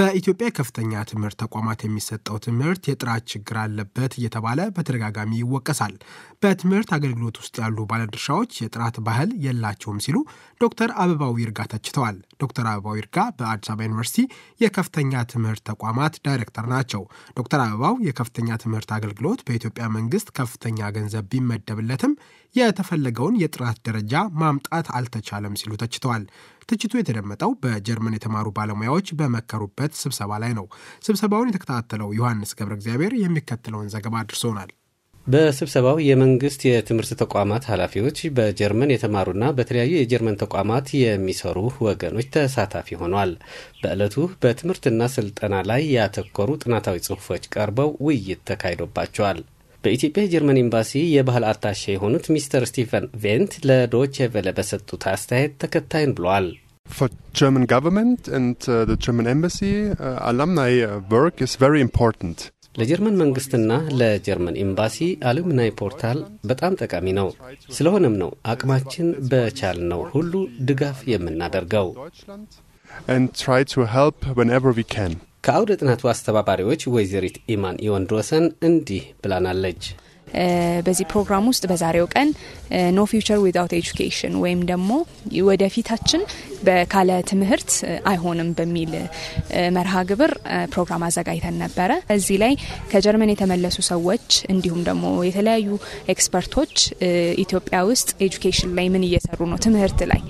በኢትዮጵያ ከፍተኛ ትምህርት ተቋማት የሚሰጠው ትምህርት የጥራት ችግር አለበት እየተባለ በተደጋጋሚ ይወቀሳል። በትምህርት አገልግሎት ውስጥ ያሉ ባለድርሻዎች የጥራት ባህል የላቸውም ሲሉ ዶክተር አበባው ይርጋ ተችተዋል። ዶክተር አበባው ይርጋ በአዲስ አበባ ዩኒቨርሲቲ የከፍተኛ ትምህርት ተቋማት ዳይሬክተር ናቸው። ዶክተር አበባው የከፍተኛ ትምህርት አገልግሎት በኢትዮጵያ መንግስት ከፍተኛ ገንዘብ ቢመደብለትም የተፈለገውን የጥራት ደረጃ ማምጣት አልተቻለም ሲሉ ተችተዋል። ትችቱ የተደመጠው በጀርመን የተማሩ ባለሙያዎች በመከሩበት ስብሰባ ላይ ነው። ስብሰባውን የተከታተለው ዮሐንስ ገብረ እግዚአብሔር የሚከተለውን ዘገባ አድርሶናል። በስብሰባው የመንግስት የትምህርት ተቋማት ኃላፊዎች፣ በጀርመን የተማሩና በተለያዩ የጀርመን ተቋማት የሚሰሩ ወገኖች ተሳታፊ ሆኗል። በዕለቱ በትምህርትና ስልጠና ላይ ያተኮሩ ጥናታዊ ጽሑፎች ቀርበው ውይይት ተካሂዶባቸዋል። በኢትዮጵያ የጀርመን ኤምባሲ የባህል አታሼ የሆኑት ሚስተር ስቲፈን ቬንት ለዶቼ ቬለ በሰጡት አስተያየት ተከታይን ብለዋል። For German government and uh, the German embassy, uh, alumni uh, work is very important. ለጀርመን መንግስትና ለጀርመን ኤምባሲ አሉምናይ ፖርታል በጣም ጠቃሚ ነው። ስለሆነም ነው አቅማችን በቻልነው ሁሉ ድጋፍ የምናደርገው። And try to help whenever we can. ከአውደ ጥናቱ አስተባባሪዎች ወይዘሪት ኢማን የወንድ ወሰን እንዲህ ብላናለች። በዚህ ፕሮግራም ውስጥ በዛሬው ቀን ኖ ፊውቸር ዊዛውት ኤጁኬሽን ወይም ደግሞ ወደፊታችን ካለ ትምህርት አይሆንም በሚል መርሃ ግብር ፕሮግራም አዘጋጅተን ነበረ። እዚህ ላይ ከጀርመን የተመለሱ ሰዎች እንዲሁም ደግሞ የተለያዩ ኤክስፐርቶች ኢትዮጵያ ውስጥ ኤጁኬሽን ላይ ምን እየሰሩ ነው፣ ትምህርት ላይ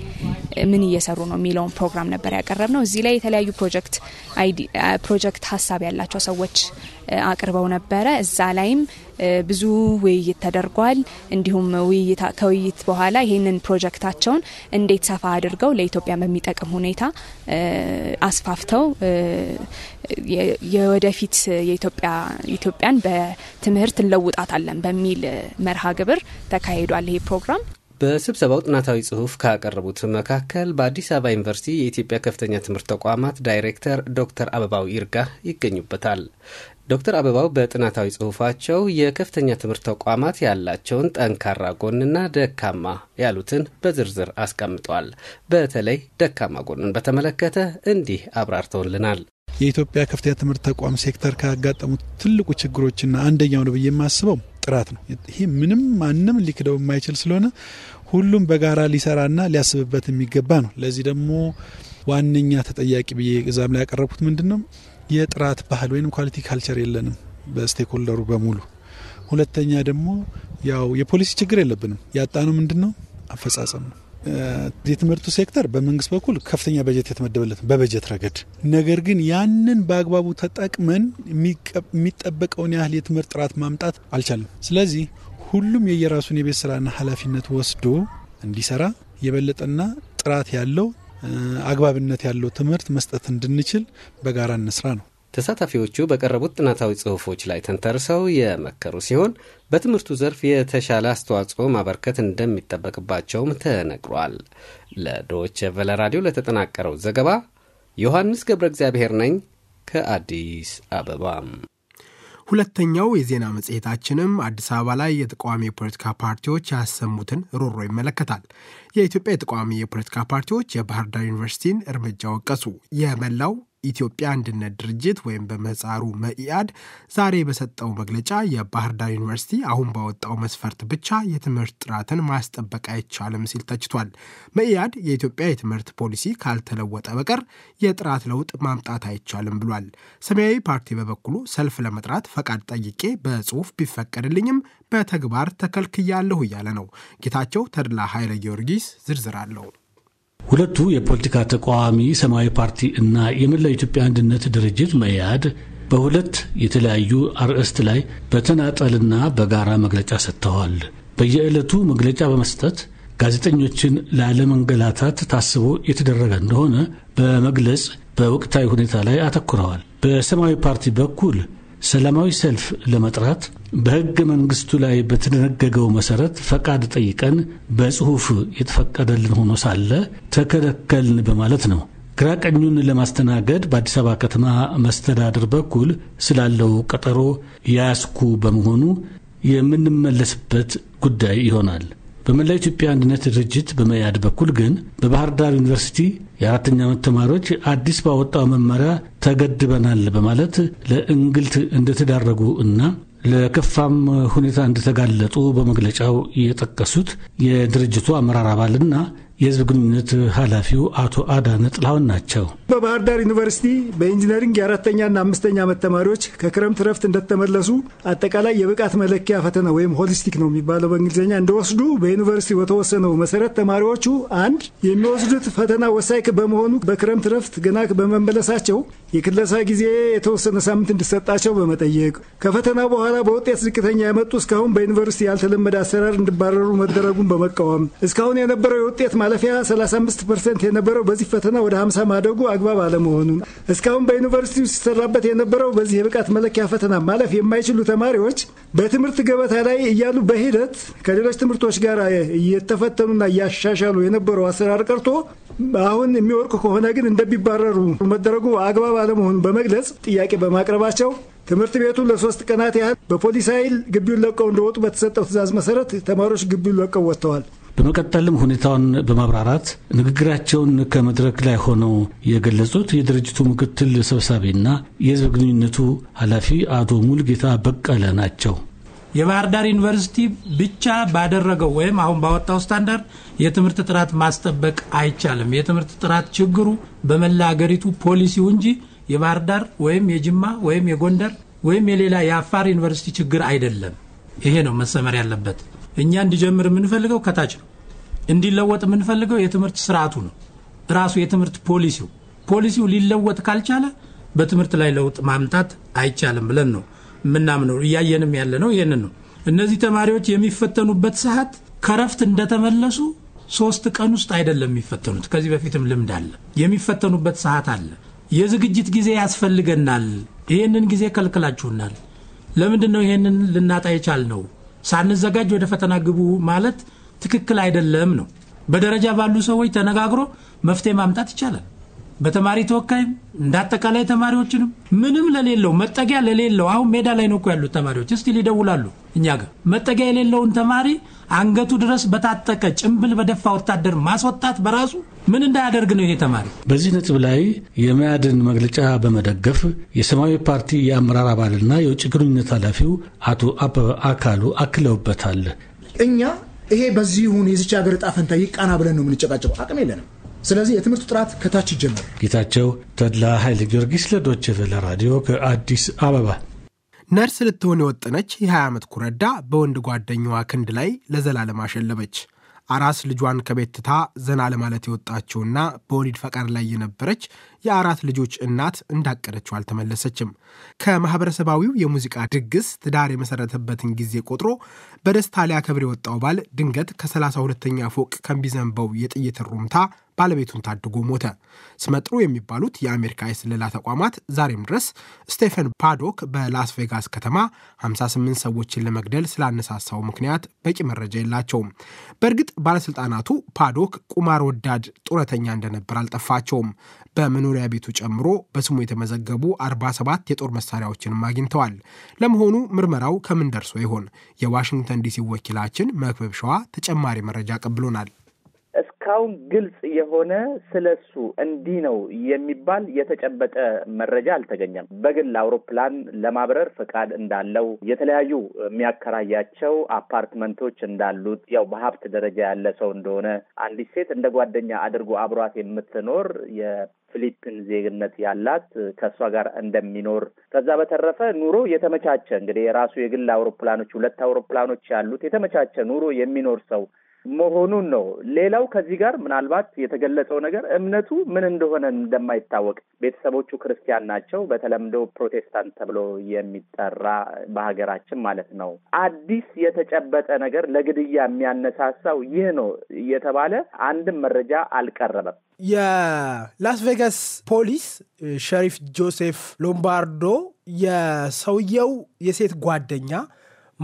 ምን እየሰሩ ነው የሚለውን ፕሮግራም ነበር ያቀረብ ነው። እዚህ ላይ የተለያዩ ፕሮጀክት ሀሳብ ያላቸው ሰዎች አቅርበው ነበረ። እዛ ላይም ብዙ ውይይት ተደርጓል። እንዲሁም ከውይይት በኋላ ይህንን ፕሮጀክታቸውን እንዴት ሰፋ አድርገው ለኢትዮጵያ በሚጠቅም ሁኔታ አስፋፍተው የወደፊት ኢትዮጵያን በትምህርት እንለውጣታለን በሚል መርሃ ግብር ተካሂዷል ይሄ ፕሮግራም። በስብሰባው ጥናታዊ ጽሁፍ ካቀረቡት መካከል በአዲስ አበባ ዩኒቨርሲቲ የኢትዮጵያ ከፍተኛ ትምህርት ተቋማት ዳይሬክተር ዶክተር አበባው ይርጋ ይገኙበታል። ዶክተር አበባው በጥናታዊ ጽሁፋቸው የከፍተኛ ትምህርት ተቋማት ያላቸውን ጠንካራ ጎንና ደካማ ያሉትን በዝርዝር አስቀምጧል። በተለይ ደካማ ጎንን በተመለከተ እንዲህ አብራርተውልናል። የኢትዮጵያ ከፍተኛ ትምህርት ተቋም ሴክተር ካጋጠሙት ትልቁ ችግሮችና አንደኛው ነው ብዬ የማስበው ጥራት ነው። ይሄ ምንም ማንም ሊክደው የማይችል ስለሆነ ሁሉም በጋራ ሊሰራና ሊያስብበት የሚገባ ነው። ለዚህ ደግሞ ዋነኛ ተጠያቂ ብዬ እዛም ላይ ያቀረብኩት ምንድን ነው የጥራት ባህል ወይም ኳሊቲ ካልቸር የለንም በስቴክሆልደሩ በሙሉ። ሁለተኛ ደግሞ ያው የፖሊሲ ችግር የለብንም። ያጣነው ምንድን ነው? አፈጻጸም ነው። የትምህርቱ ሴክተር በመንግስት በኩል ከፍተኛ በጀት የተመደበለት በበጀት ረገድ ነገር ግን ያንን በአግባቡ ተጠቅመን የሚጠበቀውን ያህል የትምህርት ጥራት ማምጣት አልቻለም። ስለዚህ ሁሉም የየራሱን የቤት ስራና ኃላፊነት ወስዶ እንዲሰራ የበለጠና ጥራት ያለው አግባብነት ያለው ትምህርት መስጠት እንድንችል በጋራ እንስራ ነው። ተሳታፊዎቹ በቀረቡት ጥናታዊ ጽሁፎች ላይ ተንተርሰው የመከሩ ሲሆን በትምህርቱ ዘርፍ የተሻለ አስተዋጽኦ ማበርከት እንደሚጠበቅባቸውም ተነግሯል። ለዶች ቬለ ራዲዮ ለተጠናቀረው ዘገባ ዮሐንስ ገብረ እግዚአብሔር ነኝ ከአዲስ አበባ ሁለተኛው የዜና መጽሔታችንም አዲስ አበባ ላይ የተቃዋሚ የፖለቲካ ፓርቲዎች ያሰሙትን ሮሮ ይመለከታል። የኢትዮጵያ የተቃዋሚ የፖለቲካ ፓርቲዎች የባህር ዳር ዩኒቨርሲቲን እርምጃ ወቀሱ። የመላው ኢትዮጵያ አንድነት ድርጅት ወይም በመጻሩ መኢአድ ዛሬ በሰጠው መግለጫ የባህር ዳር ዩኒቨርሲቲ አሁን ባወጣው መስፈርት ብቻ የትምህርት ጥራትን ማስጠበቅ አይቻልም ሲል ተችቷል። መኢአድ የኢትዮጵያ የትምህርት ፖሊሲ ካልተለወጠ በቀር የጥራት ለውጥ ማምጣት አይቻልም ብሏል። ሰማያዊ ፓርቲ በበኩሉ ሰልፍ ለመጥራት ፈቃድ ጠይቄ በጽሁፍ ቢፈቀድልኝም በተግባር ተከልክያለሁ እያለ ነው። ጌታቸው ተድላ ኃይለ ጊዮርጊስ ዝርዝር አለው። ሁለቱ የፖለቲካ ተቃዋሚ ሰማያዊ ፓርቲ እና የመላው ኢትዮጵያ አንድነት ድርጅት መያድ በሁለት የተለያዩ አርዕስት ላይ በተናጠልና በጋራ መግለጫ ሰጥተዋል። በየዕለቱ መግለጫ በመስጠት ጋዜጠኞችን ላለመንገላታት ታስቦ የተደረገ እንደሆነ በመግለጽ በወቅታዊ ሁኔታ ላይ አተኩረዋል። በሰማያዊ ፓርቲ በኩል ሰላማዊ ሰልፍ ለመጥራት በህገ መንግስቱ ላይ በተደነገገው መሰረት ፈቃድ ጠይቀን በጽሑፍ የተፈቀደልን ሆኖ ሳለ ተከለከልን በማለት ነው። ግራቀኙን ለማስተናገድ በአዲስ አበባ ከተማ መስተዳድር በኩል ስላለው ቀጠሮ ያስኩ በመሆኑ የምንመለስበት ጉዳይ ይሆናል። በመላ ኢትዮጵያ አንድነት ድርጅት በመያድ በኩል ግን በባህር ዳር ዩኒቨርሲቲ የአራተኛ ዓመት ተማሪዎች አዲስ ባወጣው መመሪያ ተገድበናል በማለት ለእንግልት እንደተዳረጉ እና ለከፋም ሁኔታ እንደተጋለጡ በመግለጫው የጠቀሱት የድርጅቱ አመራር አባልና የህዝብ ግንኙነት ኃላፊው አቶ አዳነ ጥላሁን ናቸው። በባህር ዳር ዩኒቨርሲቲ በኢንጂነሪንግ የአራተኛና አምስተኛ ዓመት ተማሪዎች ከክረምት ረፍት እንደተመለሱ አጠቃላይ የብቃት መለኪያ ፈተና ወይም ሆሊስቲክ ነው የሚባለው በእንግሊዝኛ እንደወስዱ በዩኒቨርሲቲ በተወሰነው መሰረት ተማሪዎቹ አንድ የሚወስዱት ፈተና ወሳኝ በመሆኑ በክረምት ረፍት ገና በመመለሳቸው የክለሳ ጊዜ የተወሰነ ሳምንት እንዲሰጣቸው በመጠየቅ ከፈተና በኋላ በውጤት ዝቅተኛ የመጡ እስካሁን በዩኒቨርሲቲ ያልተለመደ አሰራር እንዲባረሩ መደረጉን በመቃወም እስካሁን የነበረው የውጤት ማለፊያ 35 ፐርሰንት የነበረው በዚህ ፈተና ወደ 50 ማደጉ አግባብ አለመሆኑን፣ እስካሁን ውስጥ ሲሰራበት የነበረው በዚህ የብቃት መለኪያ ፈተና ማለፍ የማይችሉ ተማሪዎች በትምህርት ገበታ ላይ እያሉ በሂደት ከሌሎች ትምህርቶች ጋር እየተፈተኑና እያሻሻሉ የነበረው አሰራር ቀርቶ አሁን የሚወርቁ ከሆነ ግን እንደሚባረሩ መደረጉ አግባብ አለመሆኑን በመግለጽ ጥያቄ በማቅረባቸው ትምህርት ቤቱ ለሶስት ቀናት ያህል በፖሊስ ኃይል ግቢውን ለቀው እንደወጡ በተሰጠው ትዕዛዝ መሰረት ተማሪዎች ግቢውን ለቀው ወጥተዋል። በመቀጠልም ሁኔታውን በማብራራት ንግግራቸውን ከመድረክ ላይ ሆነው የገለጹት የድርጅቱ ምክትል ሰብሳቢና የህዝብ ግንኙነቱ ኃላፊ አቶ ሙልጌታ በቀለ ናቸው። የባህር ዳር ዩኒቨርሲቲ ብቻ ባደረገው ወይም አሁን ባወጣው ስታንዳርድ የትምህርት ጥራት ማስጠበቅ አይቻልም። የትምህርት ጥራት ችግሩ በመላ አገሪቱ ፖሊሲው እንጂ የባህር ዳር ወይም የጅማ ወይም የጎንደር ወይም የሌላ የአፋር ዩኒቨርሲቲ ችግር አይደለም። ይሄ ነው መሰመር ያለበት። እኛ እንዲጀምር የምንፈልገው ከታች ነው። እንዲለወጥ የምንፈልገው የትምህርት ስርዓቱ ነው። ራሱ የትምህርት ፖሊሲው ፖሊሲው ሊለወጥ ካልቻለ በትምህርት ላይ ለውጥ ማምጣት አይቻልም ብለን ነው የምናምነው። እያየንም ያለ ነው ይህንን ነው። እነዚህ ተማሪዎች የሚፈተኑበት ሰዓት ከረፍት እንደተመለሱ ሶስት ቀን ውስጥ አይደለም የሚፈተኑት። ከዚህ በፊትም ልምድ አለ። የሚፈተኑበት ሰዓት አለ። የዝግጅት ጊዜ ያስፈልገናል። ይህንን ጊዜ ከልክላችሁናል። ለምንድን ነው ይህንን ልናጣ የቻል ነው? ሳንዘጋጅ ወደ ፈተና ግቡ ማለት ትክክል አይደለም ነው። በደረጃ ባሉ ሰዎች ተነጋግሮ መፍትሄ ማምጣት ይቻላል። በተማሪ ተወካይም እንዳጠቃላይ ተማሪዎችንም ምንም ለሌለው መጠጊያ ለሌለው አሁን ሜዳ ላይ ነው ያሉት ተማሪዎች እስቲ ይደውላሉ። እኛ ጋር መጠጊያ የሌለውን ተማሪ አንገቱ ድረስ በታጠቀ ጭምብል በደፋ ወታደር ማስወጣት በራሱ ምን እንዳያደርግ ነው ይሄ ተማሪ። በዚህ ነጥብ ላይ የመያድን መግለጫ በመደገፍ የሰማያዊ ፓርቲ የአመራር አባልና የውጭ ግንኙነት ኃላፊው አቶ አበበ አካሉ አክለውበታል። እኛ ይሄ በዚህ ይሁን የዚች ሀገር እጣ ፈንታ ይቃና ብለን ነው የምንጨቃጨቀው። አቅም የለንም። ስለዚህ የትምህርቱ ጥራት ከታች ይጀመር። ጌታቸው ተድላ ኃይለ ጊዮርጊስ ለዶይቼ ቬለ ራዲዮ ከአዲስ አበባ። ነርስ ልትሆን የወጠነች የ20 ዓመት ኩረዳ በወንድ ጓደኛዋ ክንድ ላይ ለዘላለም አሸለበች። አራስ ልጇን ከቤት ትታ ዘና ለማለት የወጣችውና በወሊድ ፈቃድ ላይ የነበረች የአራት ልጆች እናት እንዳቀደችው አልተመለሰችም። ከማህበረሰባዊው የሙዚቃ ድግስ ትዳር የመሰረተበትን ጊዜ ቆጥሮ በደስታ ሊያከብር የወጣው ባል ድንገት ከ 32 ፎቅ ከሚዘንበው የጥይት ሩምታ ባለቤቱን ታድጎ ሞተ። ስመጥሩ የሚባሉት የአሜሪካ የስለላ ተቋማት ዛሬም ድረስ ስቴፈን ፓዶክ በላስ ቬጋስ ከተማ 58 ሰዎችን ለመግደል ስላነሳሳው ምክንያት በቂ መረጃ የላቸውም። በእርግጥ ባለስልጣናቱ ፓዶክ ቁማር ወዳድ ጡረተኛ እንደነበር አልጠፋቸውም። በመኖሪያ ቤቱ ጨምሮ በስሙ የተመዘገቡ 47 የጦር መሳሪያዎችንም አግኝተዋል። ለመሆኑ ምርመራው ከምን ደርሶ ይሆን? የዋሽንግተን ዲሲ ወኪላችን መክበብ ሸዋ ተጨማሪ መረጃ ቀብሎናል። እስካሁን ግልጽ የሆነ ስለሱ እንዲህ ነው የሚባል የተጨበጠ መረጃ አልተገኘም። በግል አውሮፕላን ለማብረር ፈቃድ እንዳለው የተለያዩ የሚያከራያቸው አፓርትመንቶች እንዳሉት ያው በሀብት ደረጃ ያለ ሰው እንደሆነ አንዲት ሴት እንደ ጓደኛ አድርጎ አብሯት የምትኖር ፊሊፒን ዜግነት ያላት ከእሷ ጋር እንደሚኖር ከዛ በተረፈ ኑሮ የተመቻቸ እንግዲህ የራሱ የግል አውሮፕላኖች ሁለት አውሮፕላኖች ያሉት የተመቻቸ ኑሮ የሚኖር ሰው መሆኑን ነው። ሌላው ከዚህ ጋር ምናልባት የተገለጸው ነገር እምነቱ ምን እንደሆነ እንደማይታወቅ ቤተሰቦቹ ክርስቲያን ናቸው። በተለምዶ ፕሮቴስታንት ተብሎ የሚጠራ በሀገራችን ማለት ነው። አዲስ የተጨበጠ ነገር ለግድያ የሚያነሳሳው ይህ ነው እየተባለ አንድም መረጃ አልቀረበም። የላስ ቬጋስ ፖሊስ ሸሪፍ ጆሴፍ ሎምባርዶ የሰውየው የሴት ጓደኛ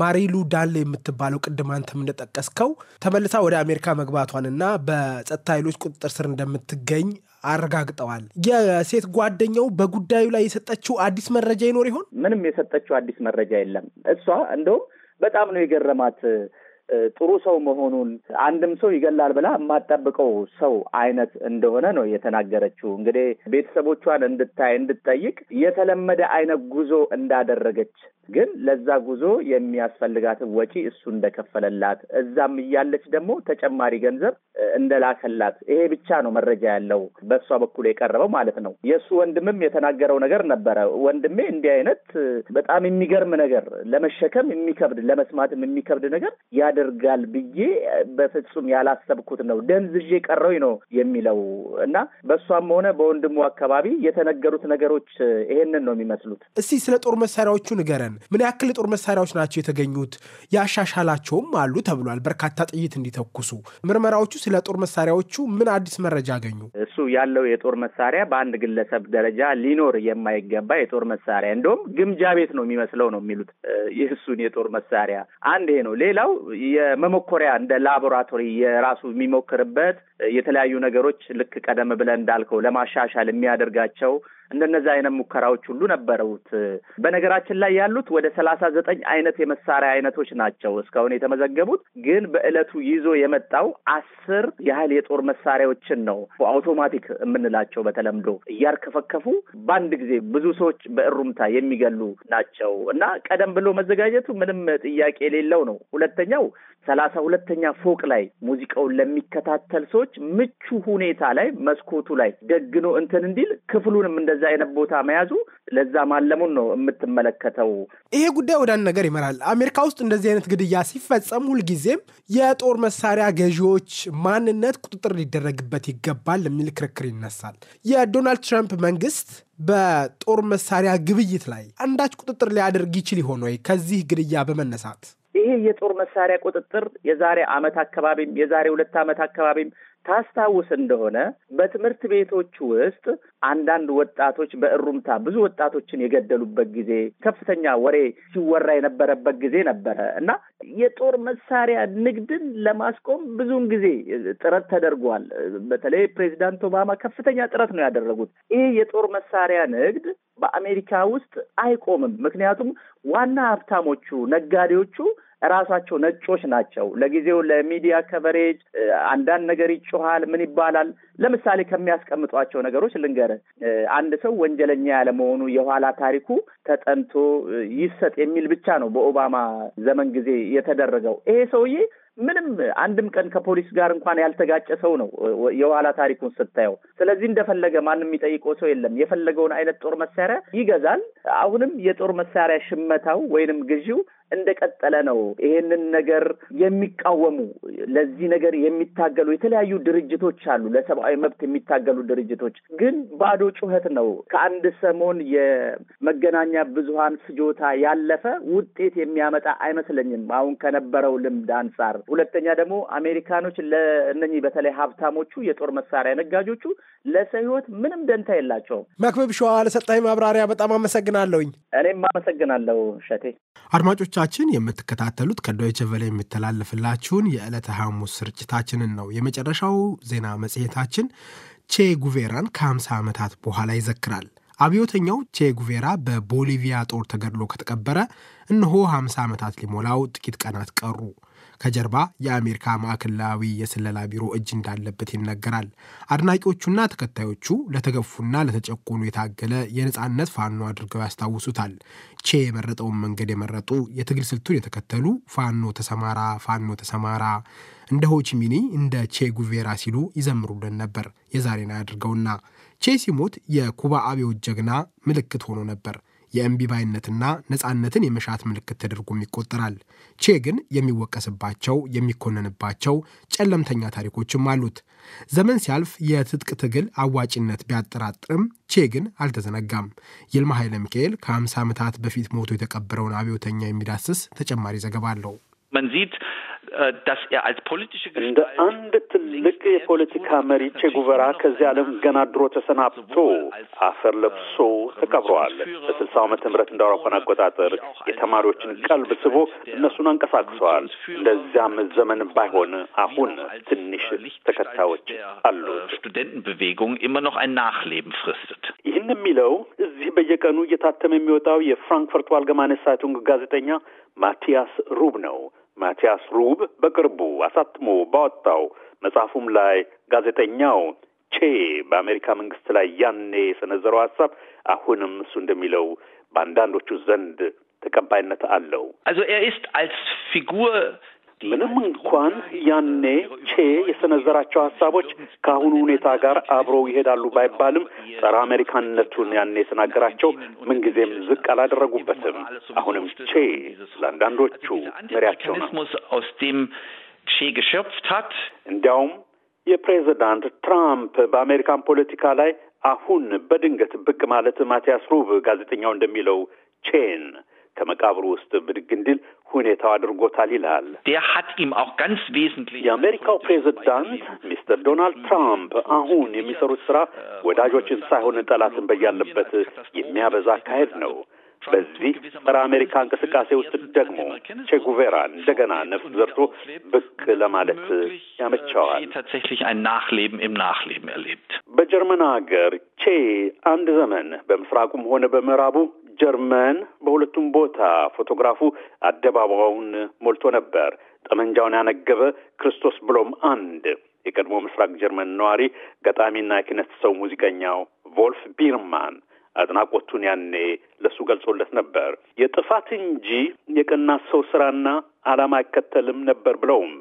ማሪሉ ዳሌ የምትባለው ቅድም አንተም እንደጠቀስከው ተመልሳ ወደ አሜሪካ መግባቷንና በጸጥታ ኃይሎች ቁጥጥር ስር እንደምትገኝ አረጋግጠዋል። የሴት ጓደኛው በጉዳዩ ላይ የሰጠችው አዲስ መረጃ ይኖር ይሆን? ምንም የሰጠችው አዲስ መረጃ የለም። እሷ እንደውም በጣም ነው የገረማት ጥሩ ሰው መሆኑን አንድም ሰው ይገላል ብላ የማጠብቀው ሰው አይነት እንደሆነ ነው የተናገረችው። እንግዲህ ቤተሰቦቿን እንድታይ እንድጠይቅ የተለመደ አይነት ጉዞ እንዳደረገች ግን ለዛ ጉዞ የሚያስፈልጋትን ወጪ እሱ እንደከፈለላት እዛም እያለች ደግሞ ተጨማሪ ገንዘብ እንደላከላት ይሄ ብቻ ነው መረጃ ያለው በእሷ በኩል የቀረበው ማለት ነው። የእሱ ወንድምም የተናገረው ነገር ነበረ። ወንድሜ እንዲህ አይነት በጣም የሚገርም ነገር ለመሸከም የሚከብድ ለመስማትም የሚከብድ ነገር ያደርጋል ብዬ በፍጹም ያላሰብኩት ነው ደንዝዤ ቀረሁኝ ነው የሚለው እና በእሷም ሆነ በወንድሙ አካባቢ የተነገሩት ነገሮች ይሄንን ነው የሚመስሉት። እስቲ ስለ ጦር መሳሪያዎቹ ንገረን። ምን ያክል የጦር መሳሪያዎች ናቸው የተገኙት? ያሻሻላቸውም አሉ ተብሏል። በርካታ ጥይት እንዲተኩሱ ምርመራዎቹ ስለ ጦር መሳሪያዎቹ ምን አዲስ መረጃ አገኙ? እሱ ያለው የጦር መሳሪያ በአንድ ግለሰብ ደረጃ ሊኖር የማይገባ የጦር መሳሪያ እንደውም ግምጃ ቤት ነው የሚመስለው ነው የሚሉት የእሱን የጦር መሳሪያ አንድ ይሄ ነው። ሌላው የመሞከሪያ እንደ ላቦራቶሪ የራሱ የሚሞክርበት የተለያዩ ነገሮች ልክ ቀደም ብለን እንዳልከው ለማሻሻል የሚያደርጋቸው እንደነዚህ አይነት ሙከራዎች ሁሉ ነበሩት። በነገራችን ላይ ያሉት ወደ ሰላሳ ዘጠኝ አይነት የመሳሪያ አይነቶች ናቸው እስካሁን የተመዘገቡት። ግን በእለቱ ይዞ የመጣው አስር ያህል የጦር መሳሪያዎችን ነው አውቶማቲክ የምንላቸው በተለምዶ እያርከፈከፉ በአንድ ጊዜ ብዙ ሰዎች በእሩምታ የሚገሉ ናቸው እና ቀደም ብሎ መዘጋጀቱ ምንም ጥያቄ የሌለው ነው። ሁለተኛው ሰላሳ ሁለተኛ ፎቅ ላይ ሙዚቃውን ለሚከታተል ሰዎች ምቹ ሁኔታ ላይ መስኮቱ ላይ ደግኖ እንትን እንዲል ክፍሉንም እንደ እንደዛ አይነት ቦታ መያዙ ለዛ ማለሙን ነው የምትመለከተው። ይሄ ጉዳይ ወደ አንድ ነገር ይመራል። አሜሪካ ውስጥ እንደዚህ አይነት ግድያ ሲፈጸም ሁልጊዜም የጦር መሳሪያ ገዢዎች ማንነት ቁጥጥር ሊደረግበት ይገባል የሚል ክርክር ይነሳል። የዶናልድ ትራምፕ መንግስት በጦር መሳሪያ ግብይት ላይ አንዳች ቁጥጥር ሊያደርግ ይችል ይሆን ወይ? ከዚህ ግድያ በመነሳት ይሄ የጦር መሳሪያ ቁጥጥር የዛሬ አመት አካባቢም የዛሬ ሁለት ዓመት አካባቢም ታስታውስ እንደሆነ በትምህርት ቤቶች ውስጥ አንዳንድ ወጣቶች በእሩምታ ብዙ ወጣቶችን የገደሉበት ጊዜ ከፍተኛ ወሬ ሲወራ የነበረበት ጊዜ ነበረ እና የጦር መሳሪያ ንግድን ለማስቆም ብዙውን ጊዜ ጥረት ተደርጓል። በተለይ ፕሬዚዳንት ኦባማ ከፍተኛ ጥረት ነው ያደረጉት። ይህ የጦር መሳሪያ ንግድ በአሜሪካ ውስጥ አይቆምም። ምክንያቱም ዋና ሀብታሞቹ ነጋዴዎቹ ራሳቸው ነጮች ናቸው። ለጊዜው ለሚዲያ ከቨሬጅ አንዳንድ ነገር ይጮሃል፣ ምን ይባላል። ለምሳሌ ከሚያስቀምጧቸው ነገሮች ልንገር አንድ ሰው ወንጀለኛ ያለመሆኑ የኋላ ታሪኩ ተጠንቶ ይሰጥ የሚል ብቻ ነው በኦባማ ዘመን ጊዜ የተደረገው። ይሄ ሰውዬ ምንም አንድም ቀን ከፖሊስ ጋር እንኳን ያልተጋጨ ሰው ነው የኋላ ታሪኩን ስታየው። ስለዚህ እንደፈለገ ማንም የሚጠይቀው ሰው የለም። የፈለገውን አይነት ጦር መሳሪያ ይገዛል። አሁንም የጦር መሳሪያ ሽመታው ወይንም ግዢው እንደቀጠለ ነው። ይሄንን ነገር የሚቃወሙ ለዚህ ነገር የሚታገሉ የተለያዩ ድርጅቶች አሉ፣ ለሰብአዊ መብት የሚታገሉ ድርጅቶች ግን ባዶ ጩኸት ነው። ከአንድ ሰሞን የመገናኛ ብዙሃን ፍጆታ ያለፈ ውጤት የሚያመጣ አይመስለኝም አሁን ከነበረው ልምድ አንጻር ሁለተኛ ደግሞ አሜሪካኖች ለእነኚህ በተለይ ሀብታሞቹ የጦር መሳሪያ ነጋጆቹ ለሰው ህይወት ምንም ደንታ የላቸውም። መክብብ ሸዋ ለሰጣኝ ማብራሪያ በጣም አመሰግናለሁኝ። እኔም አመሰግናለሁ ሸቴ። አድማጮቻችን የምትከታተሉት ከዶይቸ ቬለ የሚተላለፍላችሁን የዕለተ ሐሙስ ስርጭታችንን ነው። የመጨረሻው ዜና መጽሔታችን ቼ ጉቬራን ከ50 ዓመታት በኋላ ይዘክራል። አብዮተኛው ቼ ጉቬራ በቦሊቪያ ጦር ተገድሎ ከተቀበረ እነሆ 50 ዓመታት ሊሞላው ጥቂት ቀናት ቀሩ። ከጀርባ የአሜሪካ ማዕከላዊ የስለላ ቢሮ እጅ እንዳለበት ይነገራል። አድናቂዎቹና ተከታዮቹ ለተገፉና ለተጨቆኑ የታገለ የነፃነት ፋኖ አድርገው ያስታውሱታል። ቼ የመረጠውን መንገድ የመረጡ የትግል ስልቱን የተከተሉ ፋኖ ተሰማራ፣ ፋኖ ተሰማራ እንደ ሆቺሚኒ እንደ ቼ ጉቬራ ሲሉ ይዘምሩልን ነበር። የዛሬን አያድርገውና ቼ ሲሞት የኩባ አብዮት ጀግና ምልክት ሆኖ ነበር። የእምቢባይነትና ነፃነትን የመሻት ምልክት ተደርጎም ይቆጠራል። ቼ ግን የሚወቀስባቸው፣ የሚኮነንባቸው ጨለምተኛ ታሪኮችም አሉት። ዘመን ሲያልፍ የትጥቅ ትግል አዋጭነት ቢያጠራጥርም ቼ ግን አልተዘነጋም። ይልማ ኃይለ ሚካኤል ከ50 ዓመታት በፊት ሞቶ የተቀበረውን አብዮተኛ የሚዳስስ ተጨማሪ ዘገባ አለው። dass er als politische Gestalt አንዲት ትልቅ የፖለቲካ መሪ ቼጉቬራ ከዚህ ዓለም ገና ድሮ ተሰናብቶ አፈር ለብሶ ተቀብረዋል። በስልሳው ዓመተ ምህረት እንደ አውሮፓውያን አቆጣጠር የተማሪዎችን ቀልብ ስቦ እነሱን አንቀሳቅሰዋል። እንደዚያም ዘመን ባይሆን አሁን ትንሽ ተከታዮች አሉት። ይህን የሚለው እዚህ በየቀኑ እየታተመ የሚወጣው የፍራንክፈርቱ አልገማነ ሳይቱንግ ጋዜጠኛ ማቲያስ ሩብ ነው። ማቲያስ ሩብ በቅርቡ አሳትሞ ባወጣው መጽሐፉም ላይ ጋዜጠኛው ቼ በአሜሪካ መንግስት ላይ ያኔ የሰነዘረው ሀሳብ አሁንም እሱ እንደሚለው በአንዳንዶቹ ዘንድ ተቀባይነት አለው። Also er ist als ምንም እንኳን ያኔ ቼ የሰነዘራቸው ሀሳቦች ከአሁኑ ሁኔታ ጋር አብረው ይሄዳሉ ባይባልም ጸረ አሜሪካንነቱን ያኔ የተናገራቸው ምንጊዜም ዝቅ አላደረጉበትም። አሁንም ቼ ለአንዳንዶቹ መሪያቸው ነው። እንዲያውም የፕሬዚዳንት ትራምፕ በአሜሪካን ፖለቲካ ላይ አሁን በድንገት ብቅ ማለት ማቲያስ ሩብ ጋዜጠኛው እንደሚለው ቼን ከመቃብሩ ውስጥ ብድግ እንዲል ሁኔታ አድርጎታል ይላል። የአሜሪካው ፕሬዝዳንት ሚስተር ዶናልድ ትራምፕ አሁን የሚሰሩት ስራ ወዳጆችን ሳይሆን ጠላትን በያለበት የሚያበዛ አካሄድ ነው። በዚህ ጸረ አሜሪካ እንቅስቃሴ ውስጥ ደግሞ ቼጉቬራ እንደገና ነፍስ ዘርቶ ብቅ ለማለት ያመቸዋል። በጀርመን ሀገር ቼ አንድ ዘመን በምስራቁም ሆነ በምዕራቡ ጀርመን በሁለቱም ቦታ ፎቶግራፉ አደባባዩን ሞልቶ ነበር። ጠመንጃውን ያነገበ ክርስቶስ ብሎም አንድ የቀድሞ ምስራቅ ጀርመን ነዋሪ ገጣሚና የኪነት ሰው ሙዚቀኛው ቮልፍ ቢርማን አድናቆቱን ያኔ ለሱ ገልጾለት ነበር። የጥፋት እንጂ የቀና ሰው ስራና ዓላማ አይከተልም ነበር ብለውም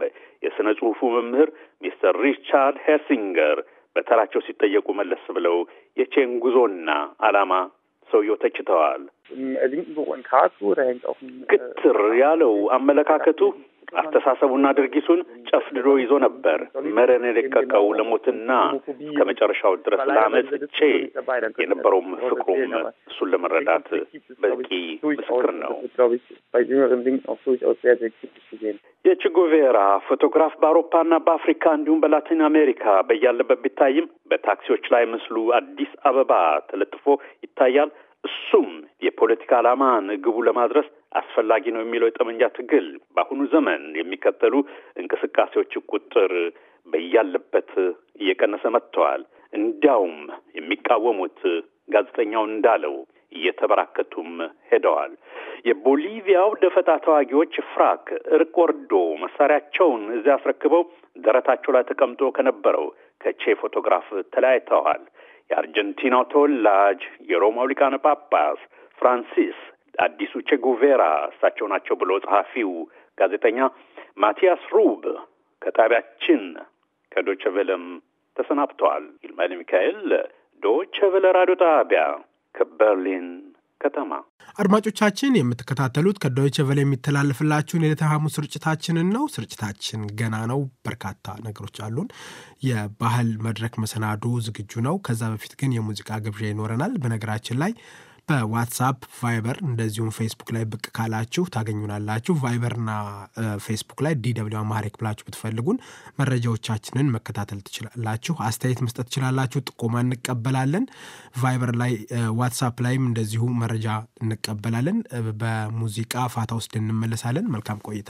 የሥነ ጽሑፉ መምህር ሚስተር ሪቻርድ ሄርሲንገር በተራቸው ሲጠየቁ መለስ ብለው የቼን ጉዞና ዓላማ ሰውየው ተችተዋል። ግትር ያለው አመለካከቱ አስተሳሰቡና ድርጊቱን ጨፍድዶ ይዞ ነበር። መረን የለቀቀው ለሞትና እስከ መጨረሻው ድረስ ለአመፅቼ የነበረውም ፍቅሩም እሱን ለመረዳት በቂ ምስክር ነው። የችጉቬራ ፎቶግራፍ በአውሮፓና በአፍሪካ እንዲሁም በላቲን አሜሪካ በያለበት ቢታይም በታክሲዎች ላይ ምስሉ አዲስ አበባ ተለጥፎ ይታያል። እሱም የፖለቲካ ዓላማን ግቡ ለማድረስ አስፈላጊ ነው የሚለው የጠመንጃ ትግል በአሁኑ ዘመን የሚከተሉ እንቅስቃሴዎች ቁጥር በያለበት እየቀነሰ መጥተዋል። እንዲያውም የሚቃወሙት ጋዜጠኛውን እንዳለው እየተበራከቱም ሄደዋል። የቦሊቪያው ደፈጣ ተዋጊዎች ፍራክ እርቅ ወርዶ መሳሪያቸውን እዚያ አስረክበው ደረታቸው ላይ ተቀምጦ ከነበረው ከቼ ፎቶግራፍ ተለያይተዋል። የአርጀንቲናው ተወላጅ የሮማው ሊቃነ ጳጳስ ፍራንሲስ አዲሱ ቼጉቬራ እሳቸው ናቸው ብሎ ጸሐፊው ጋዜጠኛ ማቲያስ ሩብ ከጣቢያችን ከዶቸቬለም ተሰናብተዋል። ይልማል ሚካኤል ዶቸቬለ ራዲዮ ጣቢያ ከበርሊን ከተማ። አድማጮቻችን የምትከታተሉት ከዶይቸ ቬለ የሚተላለፍላችሁን የዕለተ ሐሙስ ስርጭታችንን ነው። ስርጭታችን ገና ነው። በርካታ ነገሮች አሉን። የባህል መድረክ መሰናዶ ዝግጁ ነው። ከዛ በፊት ግን የሙዚቃ ግብዣ ይኖረናል። በነገራችን ላይ በዋትሳፕ ቫይበር፣ እንደዚሁም ፌስቡክ ላይ ብቅ ካላችሁ ታገኙናላችሁ። ቫይበርና ፌስቡክ ላይ ዲ ደብሊው አማሪክ ብላችሁ ብትፈልጉን መረጃዎቻችንን መከታተል ትችላላችሁ። አስተያየት መስጠት ትችላላችሁ። ጥቆማ እንቀበላለን። ቫይበር ላይ ዋትሳፕ ላይም እንደዚሁ መረጃ እንቀበላለን። በሙዚቃ ፋታ ውስጥ እንመለሳለን። መልካም ቆይታ